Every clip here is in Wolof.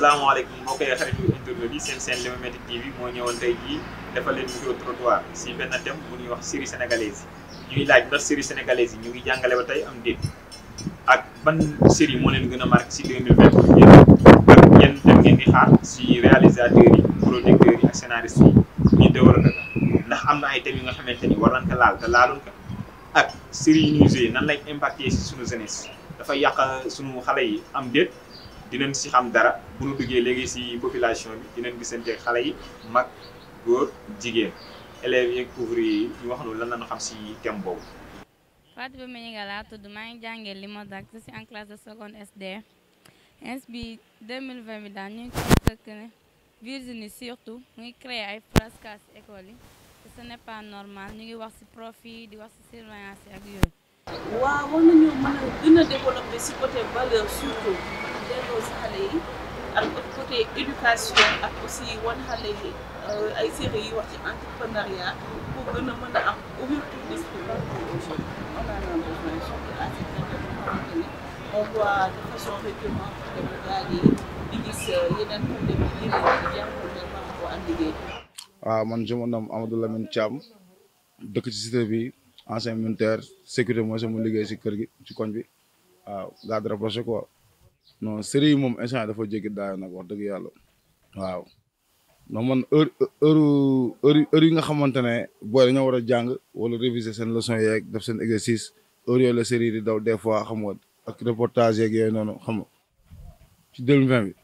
salaamaaleykum mbokk yi xaritu internet yi seen seen Limametti TV moo ñëwoon tey jii defal leen micro trottoir si benn thème bu ñuy wax série sénégalaise yi ñuy laaj ndax série sénégalaise yi ñu ngi jàngale ba tey am déet ak ban série moo leen gën a marqué si 2020 yéen ak yéen dem ngeen di xaar si réalisateurs yi producteurs yi ak scénaristes yi ñu dëwër na ndax am na ay thèmes yu nga xamante ni war nañ ko laal te laalun ko ak série yi ñuy joué nan lay impacté si suñu jeunesse dafay yàq suñu xale yi am déet dinañ si xam dara bu nu duggee léegi si population bi dinañ gisante xale yi mag góor jigéen élèves yeeg ouvriers yi ñu wax nu lan lañu xam si thème boobu. Fatou Ba Menga laa tudd maa ngi jàngee Limodac si en classe de seconde SD ins bi 2020 bi daal ñu ngi tëkk ne Virginie surtout mu ngi créé ay frascas école yi te ce n'est pas normal ñu ngi wax si profit di wax si surveillance ak yooyu. delloo si xale yi ak côté éducation ak aussi wan xale yi euh, ay série yi wax ci entrepreneuriat pour gën a mën a am liggéey waaw ah, man je me Amadou Lamine Thiam dëkk ci cité bi ancien militaire sécurité mooy sama liggéey ci kër gi ci koñ bi waaw ah, garde rapproché quoi non série yi moom instant dafa jéggi daay nag wax dëgg yàlla waaw ndax man heure heure heure yi nga xamante ne booy dañoo war a jàng wala réviser seen leçon yeeg def seen exercice heure yooyu la série di daw des fois xam nga ak reportage yeeg yooyu noonu xam nga ci 2020 bi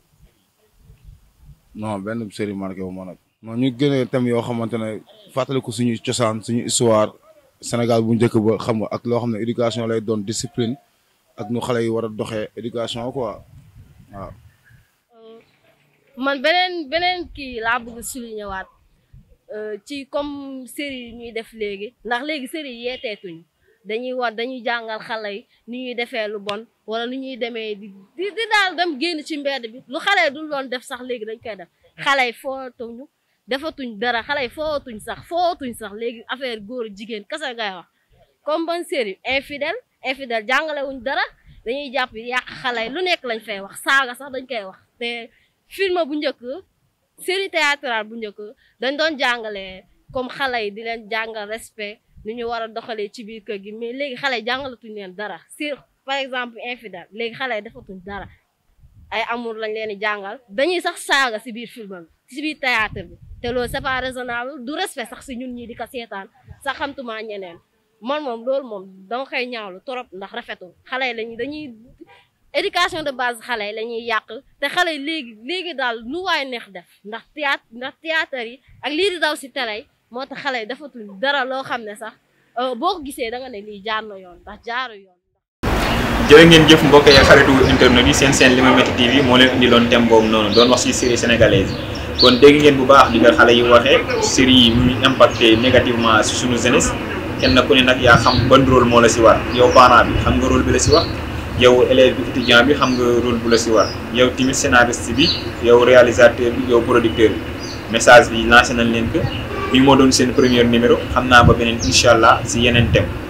non benn série marqué wu ma nag non ñu gënee tam yoo xamante ne fàttali ko suñu cosaan suñu histoire Sénégal bu njëkk ba xam nga ak loo xam ne éducation lay doon discipline ak nu xale yi war a doxe éducation quoi waaw. Euh, man beneen beneen kii laa bëgg souligner waat euh, ci comme série yi ñuy def léegi ndax léegi série yi yeeteetuñu dañuy war dañuy jàngal xale yi ni ñuy defee lu bon wala lu ñuy demee di daal dem génn ci mbedd bi lu xale yi dul doon def sax léegi dañ koy def xale yi footuñu defatuñ dara xale yi footuñ sax footuñ sax léegi affaire góor jigéen kese ngay comme ban série infidèle infidèle jàngale wuñ dara dañuy jàpp yàq xale lu nekk lañ fay wax saaga sax dañ koy wax te film bu njëkk série théâtrale bu njëkk dañ doon jàngale comme xale yi di leen jàngal respect nu ñu war a doxalee ci biir kër gi mais léegi xale yi jàngalatuñ leen dara sur par exemple infidèle léegi xale yi defatuñ dara ay amour lañ leen di jàngal dañuy sax saaga si biir film bi si biir te loo c'est pas du respect sax si ñun ñii di ko seetaan sax xamtuma ñeneen man moom loolu moom dama koy ñaawlu torop ndax rafetul xale yi lañuy dañuy éducation de base xale yi la yàq te xale yi léegi léegi daal lu waay neex def ndax théâtre ndax théâtre yi ak lii di daw si télé yi moo tax xale yi defatuñ dara loo xam ne sax euh, boo gisee da nga ne lii jaar na yoon ndax jaaru yoon. jërë ngeen jëf mbokk yi xaritu internet yi seen seen Limametti TV moo leen loon thème boobu noonu doon wax si série sénégalaise kon dégg ngeen bu baax li nga xale yi waxee série yi muy impacté négativement si suñu jeunesse. kenn ku ne nag yaa xam ban rôle moo la si war yow parent bi xam nga rôle bi la si war yow élève bi étudiant bi xam nga role bu la si war yow tamit scénariste bi yow réalisateur bi yow producteur bi message bi lancé nañ leen que bi moo doon seen premier numéro xam naa ba beneen incha allah si yeneen thème